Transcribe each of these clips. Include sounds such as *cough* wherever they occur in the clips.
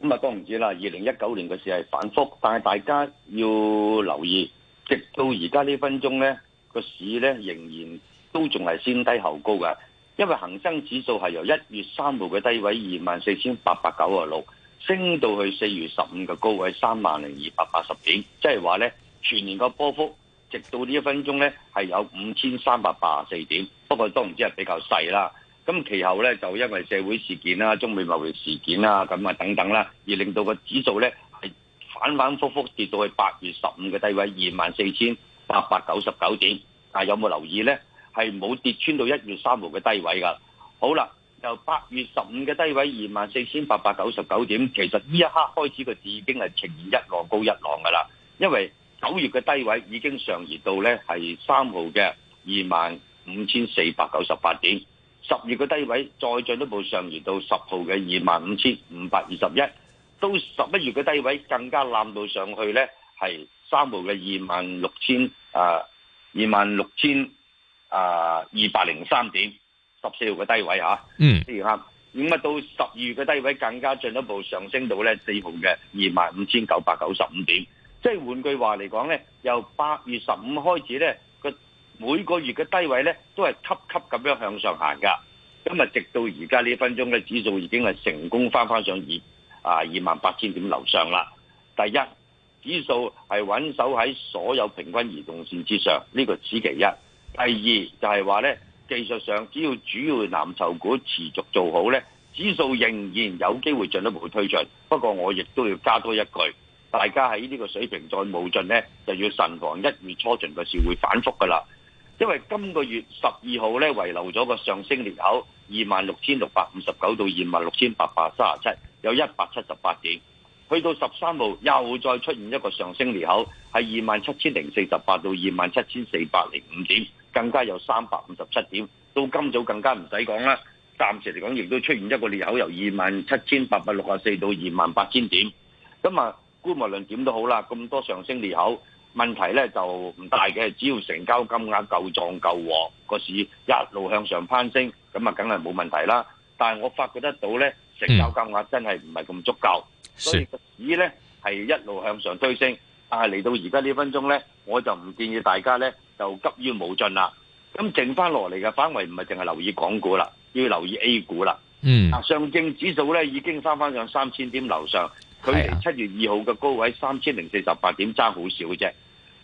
咁啊，都唔知啦。二零一九年嘅市係反覆，但係大家要留意，直到而家呢分鐘呢個市呢，仍然都仲係先低後高嘅。因為恒生指數係由一月三號嘅低位二萬四千八百九十六，升到去四月十五嘅高位三萬零二百八十點，即係話呢全年個波幅直到呢一分鐘呢係有五千三百八十四點，不過都唔知係比較細啦。咁其後咧就因為社會事件啦、中美貿易事件啦，咁啊等等啦，而令到個指數咧係反反覆覆跌到去八月十五嘅低位二萬四千八百九十九點。啊，有冇留意呢？係冇跌穿到一月三號嘅低位噶。好啦，由八月十五嘅低位二萬四千八百九十九點，其實呢一刻開始個市已經係呈現一浪高一浪噶啦。因為九月嘅低位已經上移到咧係三號嘅二萬五千四百九十八點。十月嘅低位再進一步上移到十號嘅二萬五千五百二十一，到十一月嘅低位更加攬到上去呢係三號嘅二萬六千啊，二萬六千啊二百零三點，十四號嘅低位嚇。嗯。啱，咁啊到十二月嘅低位更加進一步上升到呢四號嘅二萬五千九百九十五點。即係換句話嚟講呢，由八月十五開始呢。每個月嘅低位咧，都係級級咁樣向上行噶。今日直到而家呢分鐘咧，指數已經係成功翻翻上二啊二萬八千點樓上啦。第一，指數係穩守喺所有平均移動線之上，呢個此其一。第二就係話咧，技術上只要主要藍籌股持續做好咧，指數仍然有機會進一步去推進。不過我亦都要加多一句，大家喺呢個水平再冇進咧，就要慎防一月初旬嘅時會反覆噶啦。因為今個月十二號咧，遺留咗個上升裂口二萬六千六百五十九到二萬六千八百三十七，有一百七十八點。去到十三號又再出現一個上升裂口，係二萬七千零四十八到二萬七千四百零五點，更加有三百五十七點。到今早更加唔使講啦，暫時嚟講亦都出現一個裂口，由二萬七千八百六十四到二萬八千點。咁啊，估無論點都好啦，咁多上升裂口。問題咧就唔大嘅，只要成交金額夠壯夠和，個市一路向上攀升，咁啊梗係冇問題啦。但係我發覺得到咧，成交金額真係唔係咁足夠，嗯、所以個市咧係一路向上推升。但係嚟到而家呢分鐘咧，我就唔建議大家咧就急於冇盡啦。咁剩翻落嚟嘅範圍唔係淨係留意港股啦，要留意 A 股啦。嗯，啊上證指數咧已經翻翻上三千點樓上，佢哋七月二號嘅高位三千零四十八點爭好少嘅啫。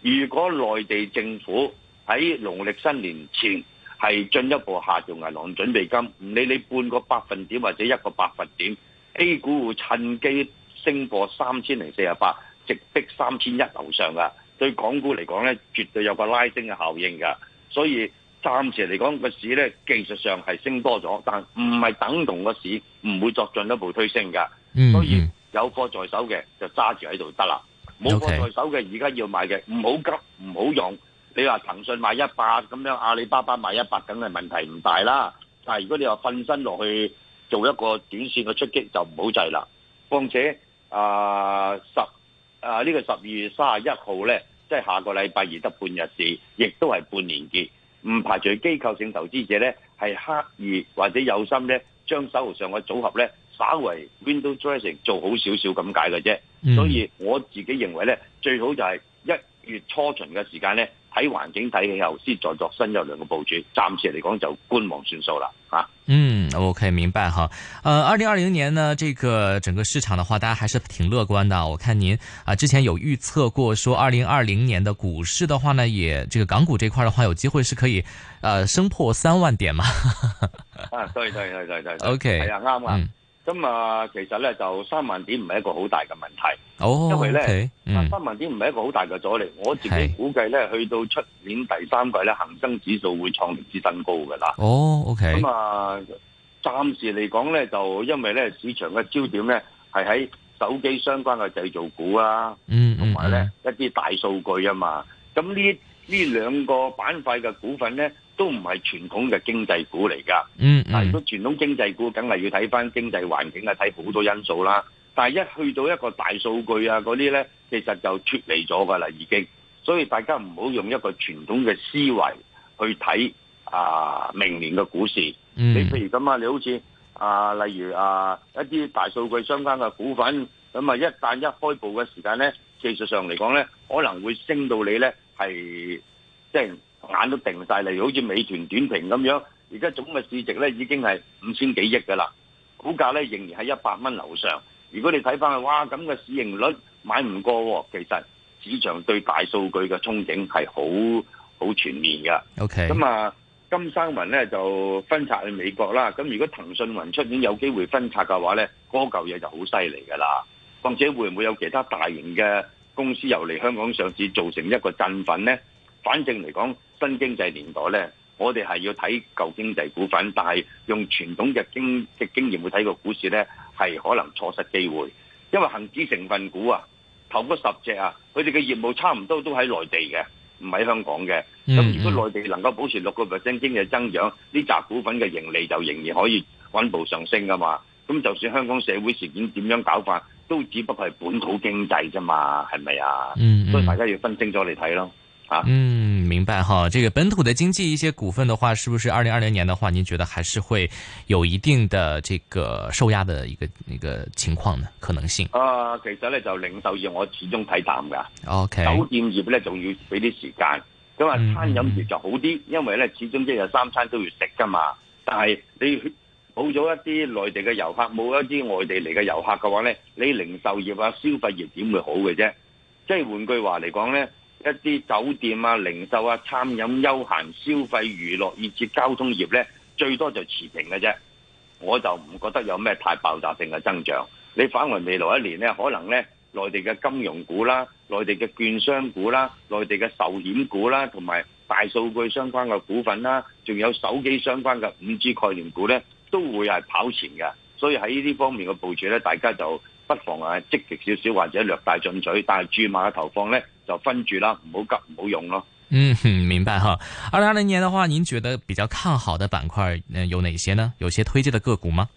如果內地政府喺農曆新年前係進一步下調銀行準備金，唔理你半個百分點或者一個百分點，A 股會趁機升過三千零四十八，直逼三千一樓上噶。對港股嚟講咧，絕對有個拉升嘅效應噶。所以暫時嚟講個市咧，技術上係升多咗，但唔係等同個市唔會作進一步推升噶。所以有貨在手嘅就揸住喺度得啦。冇、okay. 放在手嘅，而家要買嘅唔好急，唔好用。你話騰訊買一百咁樣，阿里巴巴買一百，梗係問題唔大啦。但係如果你話瞓身落去做一個短線嘅出擊，就唔好滯啦。況且啊、呃，十啊呢、呃這個十二月三十一號呢，即係下個禮拜而得半日市，亦都係半年結，唔排除機構性投資者呢，係刻意或者有心呢，將手上嘅組合呢。稍微 window dressing 做好少少咁解嘅啫，所以我自己認為呢，最好就係一月初旬嘅時間呢，喺環境睇起候先再作新一輪嘅部署暫、啊嗯。暫時嚟講就觀望算數啦，啊。嗯，OK 明白哈。呃，二零二零年呢，這個整個市場的話，大家還是挺樂觀的。我看您啊，之前有預測過說二零二零年的股市的話呢，也這個港股這塊的話，有機會是可以，呃，升破三萬點嘛。 *laughs* 啊，對對對對對，OK，係啊啱啊。嗯咁啊，其實咧就三萬點唔係一個好大嘅問題，oh, okay, um, 因為咧，三萬點唔係一個好大嘅阻力。我自己估計咧，去到出年第三季咧，恒生指數會創歷史新高噶啦。哦, oh, OK。咁啊，暫時嚟講咧，就因為咧，市場嘅焦點咧係喺手機相關嘅製造股啊，嗯, oh, okay, 同埋咧一啲大數據啊嘛。咁呢呢兩個板塊嘅股份咧。都唔係傳統嘅經濟股嚟噶，嗱如果傳統經濟股，梗係要睇返經濟環境啊，睇好多因素啦。但係一去到一個大數據啊嗰啲咧，其實就脫離咗噶啦，已經了了。所以大家唔好用一個傳統嘅思維去睇啊明年嘅股市。你譬如咁啊，你好似啊，例如啊一啲大數據相關嘅股份，咁啊一旦一開步嘅時間咧，技術上嚟講咧，可能會升到你咧係即係。眼都定曬嚟，好似美團點評咁樣。而家總嘅市值咧已經係五千幾億㗎啦，股價咧仍然喺一百蚊樓上。如果你睇翻佢，哇咁嘅市盈率買唔過喎。其實市場對大數據嘅憧憬係好好全面㗎。O K。咁啊，金山雲咧就分拆去美國啦。咁如果騰訊雲出年有機會分拆嘅話咧，嗰嚿嘢就好犀利㗎啦。況且會唔會有其他大型嘅公司由嚟香港上市，造成一個振奮咧？反正嚟講。新經濟年代呢，我哋係要睇舊經濟股份，但係用傳統嘅經嘅經驗去睇個股市呢，係可能錯失機會。因為恒指成分股啊，頭嗰十隻啊，佢哋嘅業務差唔多都喺內地嘅，唔喺香港嘅。咁如果內地能夠保持六個 percent 經濟增長，呢扎股份嘅盈利就仍然可以穩步上升㗎嘛。咁就算香港社會事件點樣搞法，都只不過係本土經濟啫嘛，係咪啊嗯嗯？所以大家要分清楚嚟睇咯。嗯，明白哈。這個本土的經濟，一些股份的話，是不是二零二零年的話，你覺得還是會有一定的這個受壓的一個一個情況呢？可能性啊，其實呢就零售業我始終睇淡噶。OK，酒店業呢仲要俾啲時間，咁啊餐飲業就好啲，嗯，因為呢始終即係有三餐都要食噶嘛。但係你冇咗一啲內地嘅遊客，冇一啲外地嚟嘅遊客嘅話呢，你零售業啊，消費業點會好嘅啫？即係換句話嚟講呢一啲酒店啊、零售啊、餐飲、休閒消費、娛樂，以至交通業咧，最多就持平嘅啫。我就唔覺得有咩太爆炸性嘅增長。你返回未來一年咧，可能咧內地嘅金融股啦、內地嘅券商股啦、內地嘅壽險股啦，同埋大數據相關嘅股份啦，仲有手機相關嘅五 G 概念股咧，都會係跑前嘅。所以喺呢啲方面嘅部署咧，大家就，不妨係積極少少，或者略大進取，但係注碼嘅投放咧就分住啦，唔好急，唔好用咯。嗯，明白吓。阿林年嘅話，您覺得比較看好嘅板塊有哪些呢？有些推薦的個股嗎？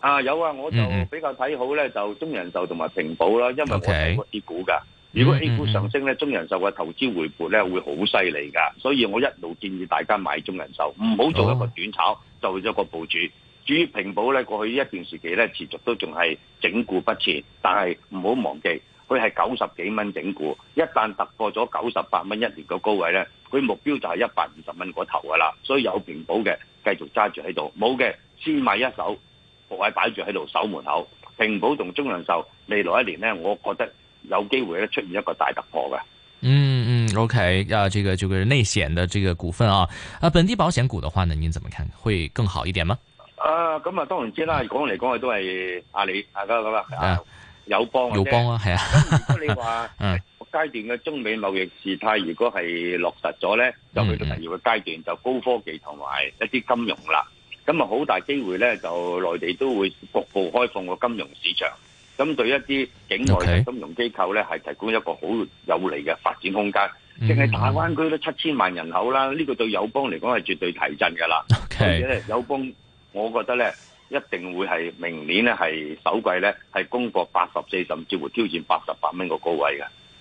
啊，有啊，我就比較睇好咧、嗯嗯，就中人壽同埋平保啦，因為我睇過啲股噶、okay。如果 A 股上升咧、嗯嗯，中人壽嘅投資回撥咧會好犀利噶，所以我一路建議大家買中人壽，唔好做一個短炒，做、哦、一個部署。至於平保咧，過去一段時期咧，持續都仲係整固不前。但係唔好忘記，佢係九十幾蚊整固，一旦突破咗九十八蚊一年個高位咧，佢目標就係一百五十蚊嗰頭噶啦。所以有平保嘅繼續揸住喺度，冇嘅先買一手，部位擺住喺度守門口。平保同中人壽未來一年呢，我覺得有機會咧出現一個大突破嘅。嗯嗯，OK，啊，這個就是內險嘅這個股份啊，啊，本地保險股的話呢，您怎麼看？會更好一點嗎？啊，咁啊，當然知啦。講嚟講去，都係阿里，大家咁啦。友邦，友邦啊，係啊。咁、啊啊啊啊、如果你話、 *laughs* 嗯、階段嘅中美貿易事態，如果係落實咗咧、嗯嗯，就去到第二個階段，就高科技同埋一啲金融啦。咁啊，好大機會咧，就內地都會逐步開放個金融市場。咁對一啲境外嘅金融機構咧，係、okay. 提供一個好有利嘅發展空間。淨、嗯、係、嗯、大灣區都七千萬人口啦，呢、呢個對友邦嚟講係絕對提振㗎啦。Okay. 而且友邦。我覺得咧，一定會係明年咧，係首季咧，係攻過八十四甚至乎挑戰八十八蚊個高位嘅。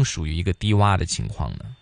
都屬於一個低窪的情況呢？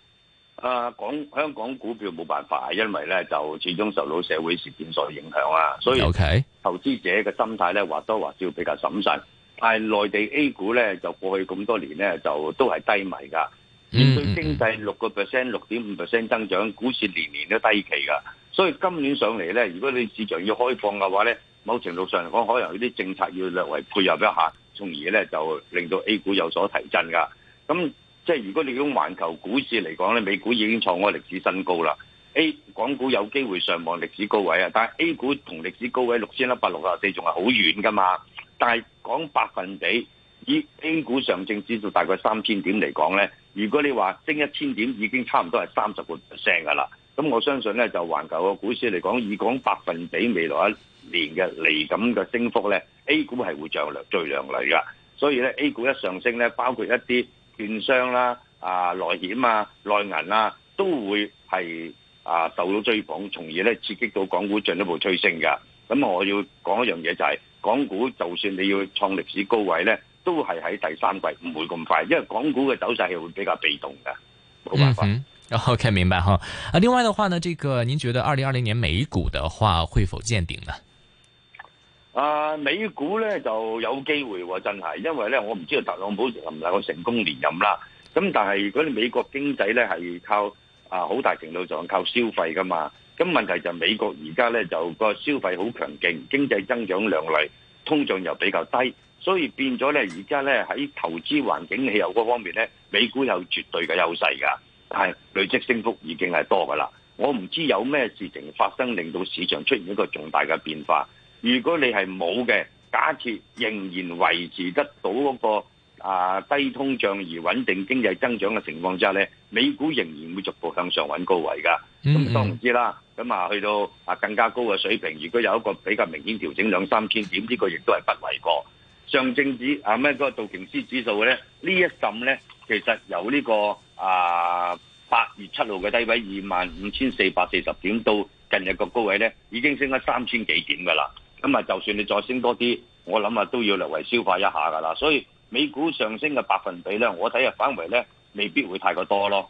啊，港香港股票冇辦法，因為咧就始終受到社會事件所影響啊，所以、okay. 投資者嘅心態咧或多或少比較審慎。但係內地 A 股咧就過去咁多年咧就都係低迷噶，佢經濟六個 percent、六點五 percent 增長，股市年年都低企噶，所以今年上嚟咧，如果你市場要開放嘅話咧，某程度上嚟講，可能有啲政策要略為配合一下，從而咧就令到 A 股有所提振噶，咁。即係如果你用環球股市嚟講咧，美股已經創過歷史新高啦。A. 港股有機會上望歷史高位啊，但係 A 股同歷史高位六千一百六十四仲係好遠噶嘛。但係講百分比，以 A 股上證指數大概三千點嚟講咧，如果你話升一千點已經差唔多係三十個 percent 㗎啦。咁我相信咧，就環球個股市嚟講，以講百分比未來一年嘅嚟咁嘅升幅咧，A 股係會漲量最量嚟㗎。所以咧，A 股一上升咧，包括一啲。券商啦、啊、啊內險啊、內銀啦、啊，都會係啊受到追捧，從而咧刺激到港股進一步推升嘅。咁我要講一樣嘢就係、是，港股就算你要創歷史高位咧，都係喺第三季，唔會咁快，因為港股嘅走勢係會比較被動噶，冇辦法。嗯哼、o、okay, k 明白哈。啊，另外嘅話呢，呢、呢個您覺得二零二零年美股嘅話，會否見頂呢？啊，美股咧就有機會喎，啊，真係，因為咧我唔知道特朗普能唔能夠成功連任啦。咁但係嗰啲美國經濟咧係靠啊好大程度上靠消費噶嘛。咁問題就美國而家咧就個消費好強勁，經濟增長亮麗，通脹又比較低，所以變咗咧而家咧喺投資環境氣候嗰方面咧，美股有絕對嘅優勢㗎。但係累積升幅已經係多㗎啦。我唔知有咩事情發生令到市場出現一個重大嘅變化。如果你係冇嘅，假設仍然維持得到個啊低通脹而穩定經濟增長嘅情況之下咧，美股仍然會逐步向上揾高位㗎。咁、mm -hmm. 當然之啦，咁啊去到啊更加高嘅水平，如果有一個比較明顯調整兩三千點，呢個亦都係不為過。上證指啊咩嗰個道瓊斯指數咧，呢一浸咧其實由呢個啊八月七號嘅低位二萬五千四百四十點到近日個高位咧，已經升咗三千幾點㗎啦。咁啊，就算你再升多啲，我諗啊都要略微消化一下噶啦，所以美股上升嘅百分比咧，我睇嘅範圍咧，未必會太過多咯。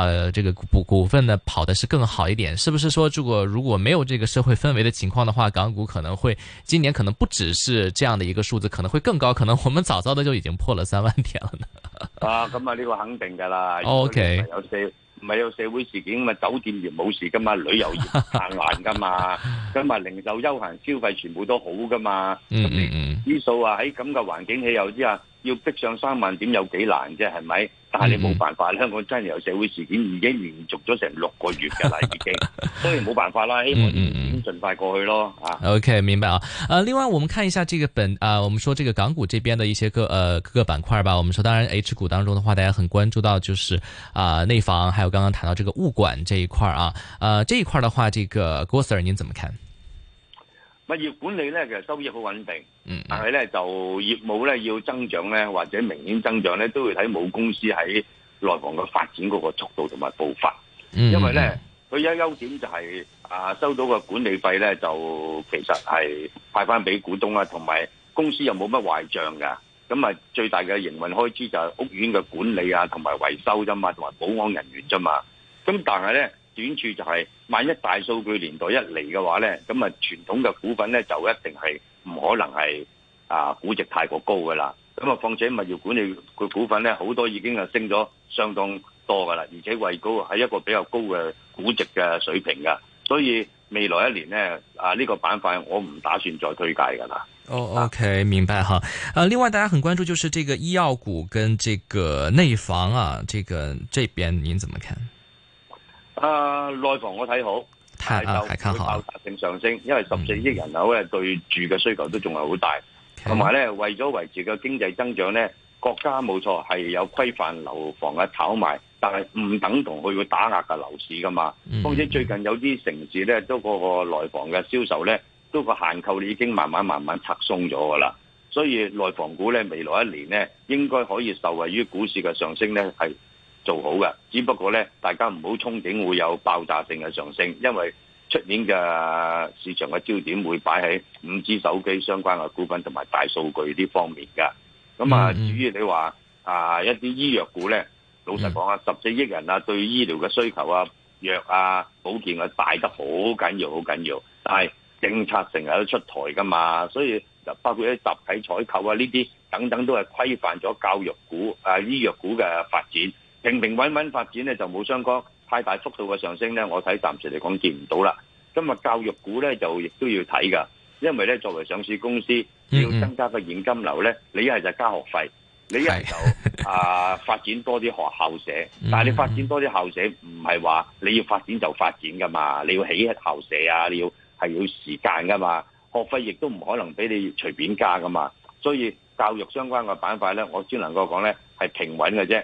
呃，這個股股份呢跑的是更好一點，是不是說如果如果沒有這個社會氛圍的情況的話，港股可能會今年可能不只是這樣的一個數字，可能會更高，可能我們早早的就已經破了三萬點了呢？啊，咁啊，呢個肯定㗎啦。OK，有社，唔係有社會事件嘛，酒店業冇事㗎嘛，旅遊業行硬㗎嘛，咁啊，零售、休閒消費全部都好㗎嘛。嗯嗯嗯。啲數啊喺咁嘅環境，氣候之下，要逼上三萬點有幾難啫、啊，係咪？但係你冇辦法，香港真係有社會事件，已經連續咗成六個月㗎啦， *laughs* 已經，當然冇辦法啦，希望盡快過去咯。啊，OK，明白啊。呃、啊，另外我們看一下這個本啊，我們說這個港股這邊的一些個呃各個板塊吧。我們說當然 H 股當中的話，大家很關注到就是啊、呃、內房，還有剛剛談到這個物管這一塊啊。呃，這一塊的話，這個郭 Sir 您怎麼看？物業管理咧，其實收益好穩定，但係咧就業務咧要增長咧，或者明顯增長咧，都會睇母公司喺內房嘅發展嗰個速度同埋步伐。Mm -hmm. 因為咧，佢有一優點就係、是、啊，收到個管理費咧，就其實係派翻俾股東啊，同埋公司又冇乜壞賬噶。咁啊，最大嘅營運開支就係屋苑嘅管理啊，同埋維修啫嘛，同埋保安人員啫嘛。咁但係咧。短處就係萬一大數據年代一嚟嘅話咧，咁啊傳統嘅股份咧就一定係唔可能係啊估值太過高嘅啦。咁啊，況且物業管理佢股份咧好多已經係升咗相當多噶啦，而且位高喺一個比較高嘅估值嘅水平噶。所以未來一年咧啊呢個板塊我唔打算再推介噶啦。哦、oh，OK 明白吓。呃、啊，另外大家很關注就是這個醫藥股跟這個內房啊，這個這邊您怎麼看？啊、呃，內房我睇好，但係就會爆炸性上升，因為十四億人口係對住嘅需求都仲係好大，同埋咧為咗維持個經濟增長咧，國家冇錯係有規範樓房嘅炒賣，但係唔等同佢會打壓個樓市噶嘛。況、嗯、且最近有啲城市咧，都那個內房嘅銷售咧，都個限購已經慢慢慢慢拆鬆咗噶啦，所以內房股咧未來一年咧，應該可以受惠於股市嘅上升咧，係。做好嘅，只不過咧，大家唔好憧憬會有爆炸性嘅上升，因為出年嘅市場嘅焦點會擺喺五 G 手機相關嘅股份同埋大數據呢方面嘅。咁啊，至於你話啊一啲醫藥股咧，老實講啊，十四億人啊對醫療嘅需求啊、藥啊、保健啊大得好緊要、好緊要。但係政策成日都出台㗎嘛，所以就包括一啲集體採購啊呢啲等等，都係規範咗教育股啊醫藥股嘅發展。平平穩穩發展咧就冇相干，太大幅度嘅上升咧，我睇暫時嚟講見唔到啦。今日教育股咧就亦都要睇噶，因為咧作為上市公司要增加個現金流咧，你一係就加學費，你一係就啊 *laughs* 發展多啲學校社，但係你發展多啲校舍唔係話你要發展就發展噶嘛，你要起校舍啊，你要係要時間噶嘛，學費亦都唔可能俾你隨便加噶嘛，所以教育相關嘅板塊咧，我只能夠講咧係平穩嘅啫。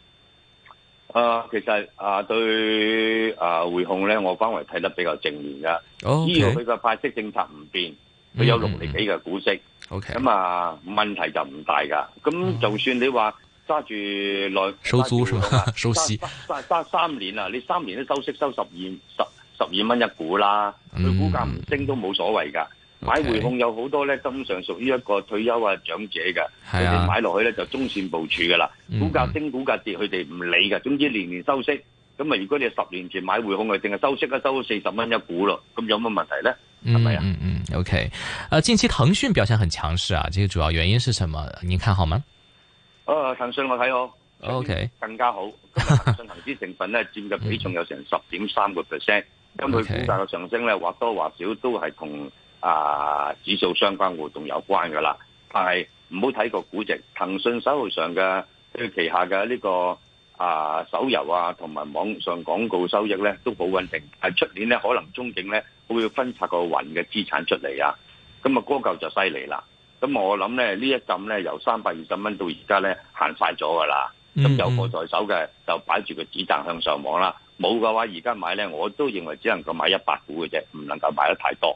啊、呃，其實啊、呃，對啊、呃，匯控咧，我反而睇得比較正面噶。哦，只要佢嘅派息政策唔變，佢有六厘幾嘅股息。O K，咁啊，問題就唔大噶。咁就算你話揸住嚟收租是嘛？收息揸三年啦，你三年都收息收十二十十二蚊一股啦，佢股價唔升都冇所謂噶。Okay. 買匯控有好多咧，通常屬於一個退休啊長者嘅，佢、yeah. 哋買落去咧就中線部署噶啦，股價升股價跌佢哋唔理噶，總之年年收息。咁啊，如果你十年前買匯控嘅，淨係收息啊，收四十蚊一股咯，咁有乜問題咧？係咪啊？嗯嗯，OK。啊，近期騰訊表現很強勢啊，即、這個主要原因是什麼？你看好嗎？啊、uh，騰訊我睇好，OK，更加好。騰訊恒指成分咧佔嘅比重有成十點三個 percent，咁佢股價嘅上升咧或多，多或少都係同。啊，指數相關活動有關嘅啦，但係唔好睇個估值。騰訊手頭上嘅佢旗下嘅呢個啊手遊啊同埋網上廣告收益咧都好穩定。喺出年咧可能中景咧會要分拆個雲嘅資產出嚟啊。咁啊嗰嚿就犀利啦。咁我諗咧呢一陣咧由三百二十蚊到而家咧行晒咗㗎啦。咁有貨在手嘅就擺住個指贊向上望啦。冇嘅話而家買咧我都認為只能夠買一百股嘅啫，唔能夠買得太多。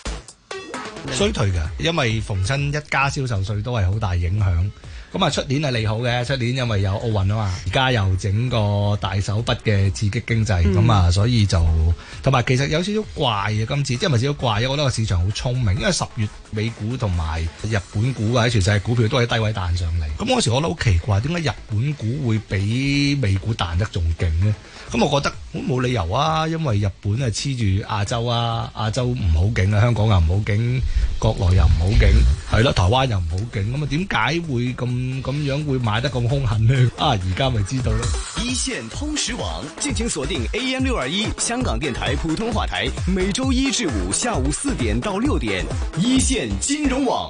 衰退嘅，因為逢親一家銷售稅都係好大影響。咁啊，出年係利好嘅，出年因為有奧運啊嘛，而家又整個大手筆嘅刺激經濟，咁、嗯、啊，所以就同埋其實有少少怪啊。今次，即係咪少少怪？我覺得個市場好聰明，因為十月美股同埋日本股啊，全世界股票都喺低位彈上嚟。咁嗰時我覺得好奇怪，點解日本股會比美股彈得仲勁呢？咁、嗯、我覺得好冇理由啊，因為日本啊黐住亞洲啊，亞洲唔好景啊，香港又唔好景，國內又唔好景，係咯，台灣又唔好景，咁啊點解會咁咁樣會買得咁兇狠呢？啊，而家咪知道咯！一線通訊網，敬請鎖定 AM 六二一香港電台普通話台，每周一至五下午四點到六點，一線金融網。